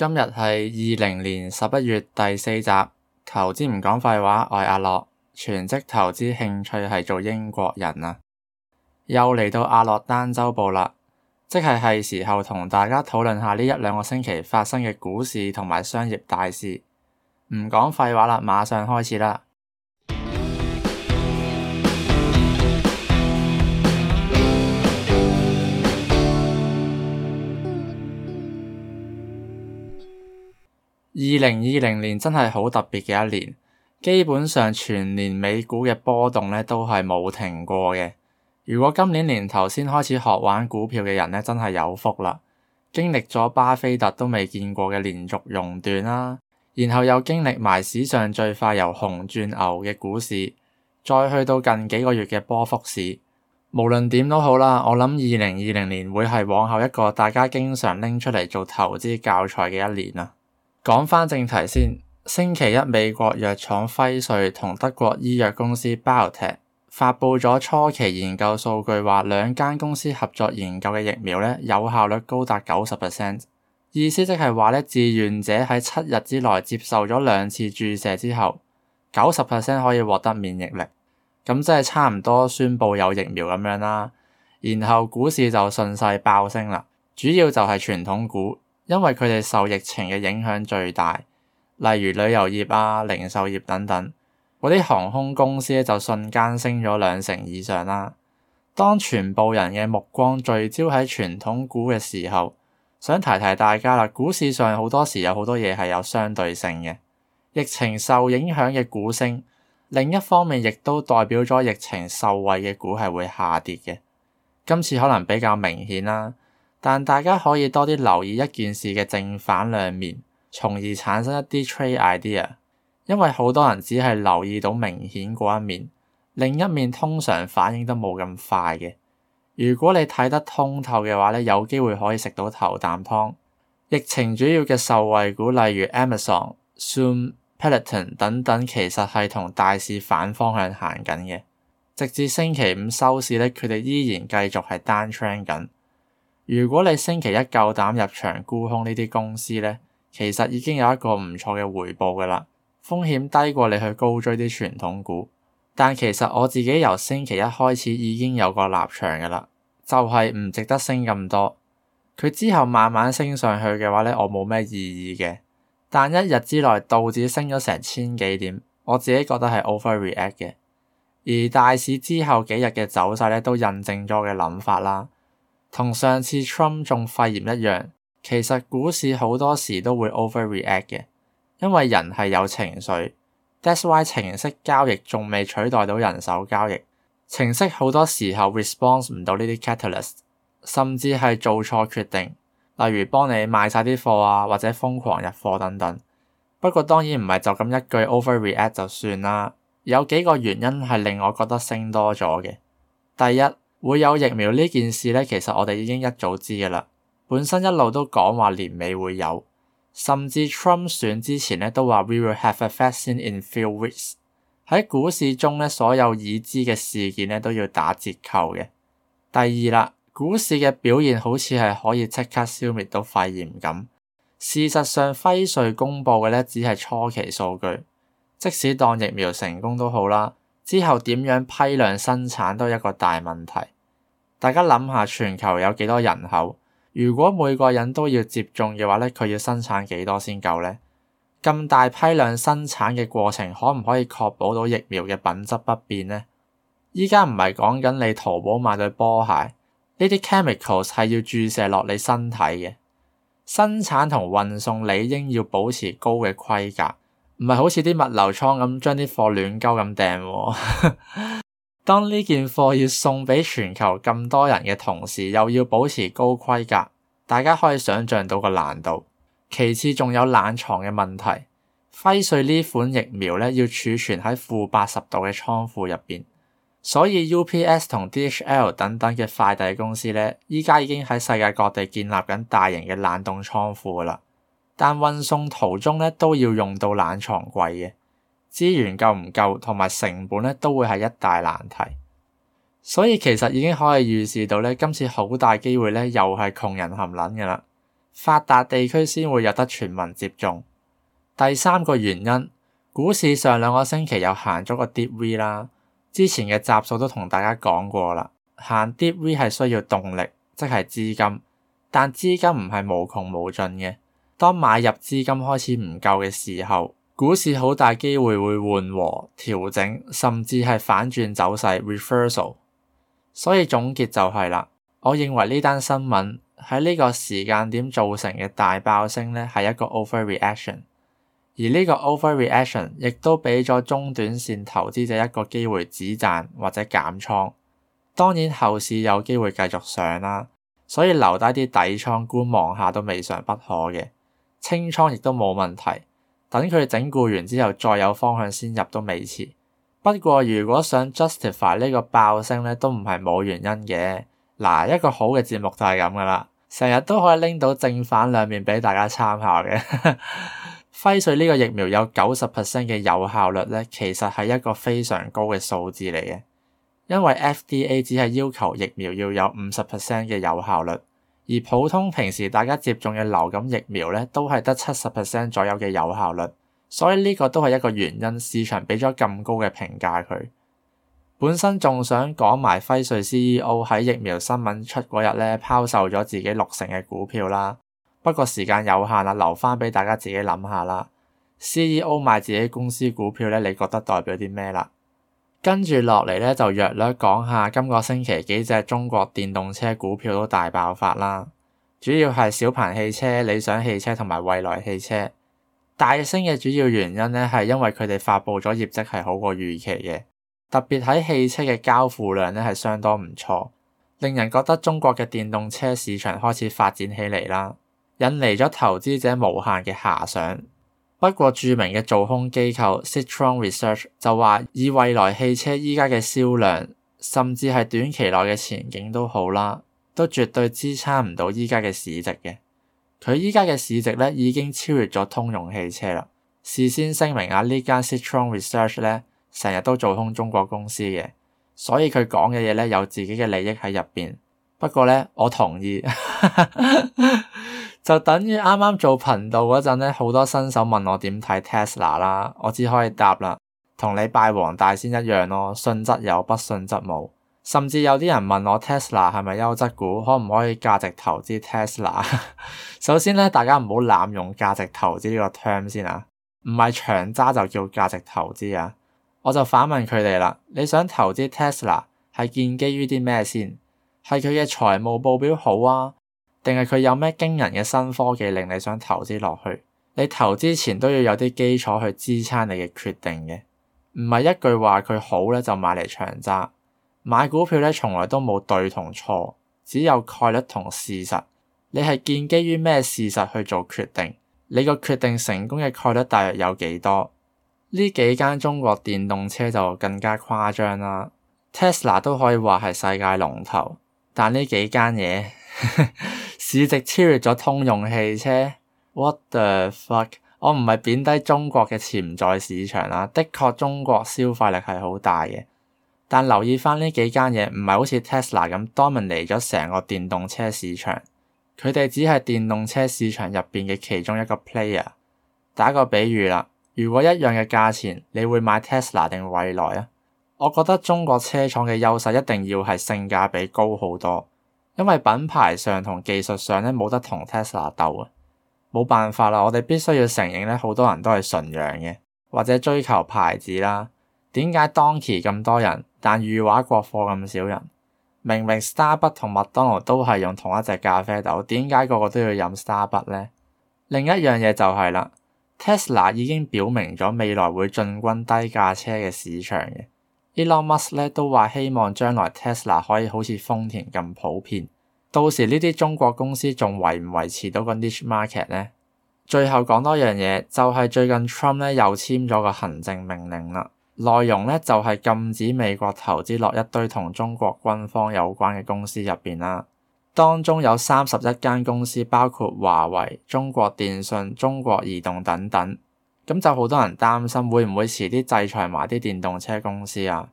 今日係二零年十一月第四集，投資唔講廢話，我係阿樂，全職投資興趣係做英國人啊，又嚟到阿樂商週報啦，即係係時候同大家討論下呢一兩個星期發生嘅股市同埋商業大事，唔講廢話啦，馬上開始啦。二零二零年真係好特別嘅一年，基本上全年美股嘅波動咧都係冇停過嘅。如果今年年頭先開始學玩股票嘅人咧，真係有福啦！經歷咗巴菲特都未見過嘅連續熔斷啦、啊，然後又經歷埋史上最快由熊轉牛嘅股市，再去到近幾個月嘅波幅市，無論點都好啦。我諗二零二零年會係往後一個大家經常拎出嚟做投資教材嘅一年啊！講返正題先，星期一美國藥廠輝瑞同德國醫藥公司 b i o t e c h 發布咗初期研究數據，話兩間公司合作研究嘅疫苗咧，有效率高達九十 percent，意思即係話咧，自願者喺七日之內接受咗兩次注射之後，九十 percent 可以獲得免疫力，咁即係差唔多宣布有疫苗咁樣啦。然後股市就順勢爆升啦，主要就係傳統股。因為佢哋受疫情嘅影響最大，例如旅遊業啊、零售業等等，嗰啲航空公司呢就瞬間升咗兩成以上啦。當全部人嘅目光聚焦喺傳統股嘅時候，想提提大家啦，股市上好多時有好多嘢係有相對性嘅。疫情受影響嘅股升，另一方面亦都代表咗疫情受惠嘅股係會下跌嘅。今次可能比較明顯啦。但大家可以多啲留意一件事嘅正反兩面，從而產生一啲 trade idea。因為好多人只係留意到明顯嗰一面，另一面通常反應得冇咁快嘅。如果你睇得通透嘅話咧，有機會可以食到頭啖湯。疫情主要嘅受惠股，例如 Amazon、Zoom、Peloton 等等，其實係同大市反方向行緊嘅。直至星期五收市咧，佢哋依然繼續係 downtrend 緊。如果你星期一夠膽入場沽空呢啲公司咧，其實已經有一個唔錯嘅回報㗎啦，風險低過你去高追啲傳統股。但其實我自己由星期一開始已經有個立場㗎啦，就係唔值得升咁多。佢之後慢慢升上去嘅話咧，我冇咩異議嘅。但一日之內道指升咗成千幾點，我自己覺得係 overreact 嘅，而大市之後幾日嘅走勢咧都印證咗我嘅諗法啦。同上次 Trump 中肺炎一樣，其實股市好多時都會 over react 嘅，因為人係有情緒。That's why 程式交易仲未取代到人手交易。程式好多時候 response 唔到呢啲 catalyst，甚至係做錯決定，例如幫你賣晒啲貨啊，或者瘋狂入貨等等。不過當然唔係就咁一句 over react 就算啦，有幾個原因係令我覺得升多咗嘅。第一。會有疫苗呢件事咧，其實我哋已經一早知嘅啦。本身一路都講話年尾會有，甚至 Trump 選之前咧都話 We will have a vaccine in few weeks。喺股市中咧，所有已知嘅事件咧都要打折扣嘅。第二啦，股市嘅表現好似係可以即刻消滅到肺炎咁。事實上，輝瑞公佈嘅咧只係初期數據，即使當疫苗成功都好啦。之後點樣批量生產都一個大問題，大家諗下全球有幾多人口？如果每個人都要接種嘅話咧，佢要生產幾多先夠咧？咁大批量生產嘅過程可唔可以確保到疫苗嘅品質不變呢？依家唔係講緊你淘寶買對波鞋，呢啲 chemicals 係要注射落你身體嘅，生產同運送理應要保持高嘅規格。唔係好似啲物流倉咁，將啲貨亂鳩咁掟。 當呢件貨要送俾全球咁多人嘅同時，又要保持高規格，大家可以想象到個難度。其次，仲有冷藏嘅問題。輝瑞呢款疫苗咧，要儲存喺負八十度嘅倉庫入邊，所以 U P S 同 D H L 等等嘅快遞公司咧，依家已經喺世界各地建立緊大型嘅冷凍倉庫啦。但運送途中咧都要用到冷藏櫃嘅資源夠夠，夠唔夠同埋成本咧，都會係一大難題。所以其實已經可以預示到咧，今次好大機會咧，又係窮人含撚噶啦。發達地區先會有得全民接種。第三個原因，股市上兩個星期又行咗個 Deep V 啦，之前嘅集數都同大家講過啦，行 Deep V 係需要動力，即係資金，但資金唔係無窮無盡嘅。當買入資金開始唔夠嘅時候，股市好大機會會緩和調整，甚至係反轉走勢 （reversal）。所以總結就係啦，我認為呢單新聞喺呢個時間點造成嘅大爆升呢係一個 overreaction，而呢個 overreaction 亦都俾咗中短線投資者一個機會止賺或者減倉。當然後市有機會繼續上啦，所以留低啲底倉觀望下都未嘗不可嘅。清倉亦都冇問題，等佢整固完之後再有方向先入都未遲。不過如果想 justify 呢個爆升咧，都唔係冇原因嘅。嗱，一個好嘅節目就係咁噶啦，成日都可以拎到正反兩面俾大家參考嘅。 輝瑞呢個疫苗有九十 percent 嘅有效率咧，其實係一個非常高嘅數字嚟嘅，因為 FDA 只係要求疫苗要有五十 percent 嘅有效率。而普通平時大家接種嘅流感疫苗咧，都係得七十 percent 左右嘅有效率，所以呢個都係一個原因，市場俾咗咁高嘅評價佢。本身仲想講埋輝瑞 CEO 喺疫苗新聞出嗰日咧，拋售咗自己六成嘅股票啦，不過時間有限啦，留返俾大家自己諗下啦。CEO 賣自己公司股票咧，你覺得代表啲咩啦？跟住落嚟咧，就略略講下今個星期幾隻中國電動車股票都大爆發啦。主要係小鵬汽車、理想汽車同埋蔚來汽車。大升嘅主要原因咧，係因為佢哋發布咗業績係好過預期嘅，特別喺汽車嘅交付量咧係相當唔錯，令人覺得中國嘅電動車市場開始發展起嚟啦，引嚟咗投資者無限嘅遐想。不過著名嘅做空機構 Citron Research 就話，以蔚來汽車依家嘅銷量，甚至係短期內嘅前景都好啦，都絕對支撐唔到依家嘅市值嘅。佢依家嘅市值咧已經超越咗通用汽車啦。事先聲明啊，呢間 Citron Research 咧成日都做空中國公司嘅，所以佢講嘅嘢咧有自己嘅利益喺入邊。不過咧，我同意， 就等於啱啱做頻道嗰陣咧，好多新手問我點睇 Tesla 啦。我只可以答啦，同你拜黃大仙一樣咯，信則有，不信則無。甚至有啲人問我 Tesla 係咪優質股，可唔可以價值投資 Tesla？ 首先咧，大家唔好濫用價值投資呢個 term 先啊，唔係長揸就叫價值投資啊。我就反問佢哋啦，你想投資 Tesla 係建基於啲咩先？係佢嘅財務報表好啊，定係佢有咩驚人嘅新科技令你想投資落去？你投資前都要有啲基礎去支撐你嘅決定嘅，唔係一句話佢好咧就買嚟長揸。買股票咧從來都冇對同錯，只有概率同事實。你係建基於咩事實去做決定？你個決定成功嘅概率大約有幾多？呢幾間中國電動車就更加誇張啦，Tesla 都可以話係世界龍頭。但呢幾間嘢 市值超越咗通用汽車，what the fuck？我唔係貶低中國嘅潛在市場啦，的確中國消費力係好大嘅。但留意返呢幾間嘢，唔係好似 Tesla 咁 dominate 咗成個電動車市場，佢哋只係電動車市場入邊嘅其中一個 player。打個比喻啦，如果一樣嘅價錢，你會買 Tesla 定蔚來啊？我覺得中國車廠嘅優勢一定要係性價比高好多，因為品牌上同技術上咧冇得同 Tesla 鬥啊，冇辦法啦。我哋必須要承認咧，好多人都係信仰嘅，或者追求牌子啦。點解 Donki 咁多人，但裕華國貨咁少人？明明 Starbuck 同麥當勞都係用同一隻咖啡豆，點解個個都要飲 Starbuck 呢？另一樣嘢就係啦，Tesla 已經表明咗未來會進軍低價車嘅市場嘅。Elon Musk 咧都話希望將來 Tesla 可以好似豐田咁普遍，到時呢啲中國公司仲維唔維持到個 niche market 呢？最後講多樣嘢，就係、是、最近 Trump 咧又簽咗個行政命令啦，內容咧就係、是、禁止美國投資落一堆同中國軍方有關嘅公司入邊啦，當中有三十一間公司，包括華為、中國電信、中國移動等等。咁就好多人擔心會唔會遲啲制裁埋啲電動車公司啊！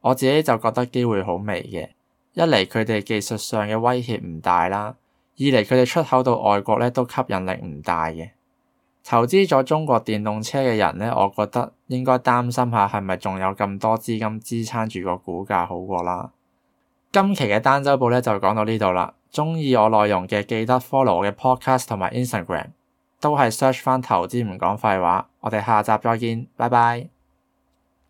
我自己就覺得機會好微嘅。一嚟佢哋技術上嘅威脅唔大啦，二嚟佢哋出口到外國咧都吸引力唔大嘅。投資咗中國電動車嘅人咧，我覺得應該擔心下係咪仲有咁多資金支撐住個股價好過啦。今期嘅商週報咧就講到呢度啦。中意我內容嘅記得 follow 我嘅 podcast 同埋 Instagram。都係 search 翻投資，唔講廢話，我哋下集再見，拜拜。